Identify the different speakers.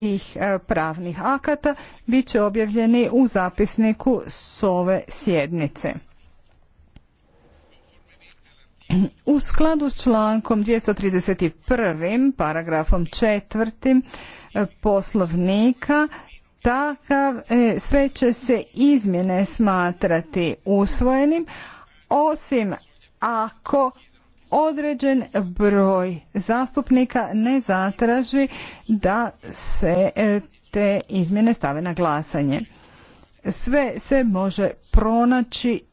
Speaker 1: tih e, pravnih akata bit će objavljeni u zapisniku s ove sjednice. U skladu s člankom 231. paragrafom 4. E, poslovnika takav e, sve će se izmjene smatrati usvojenim osim ako određen broj zastupnika ne zatraži da se e, te izmjene stave na glasanje. Sve se može
Speaker 2: pronaći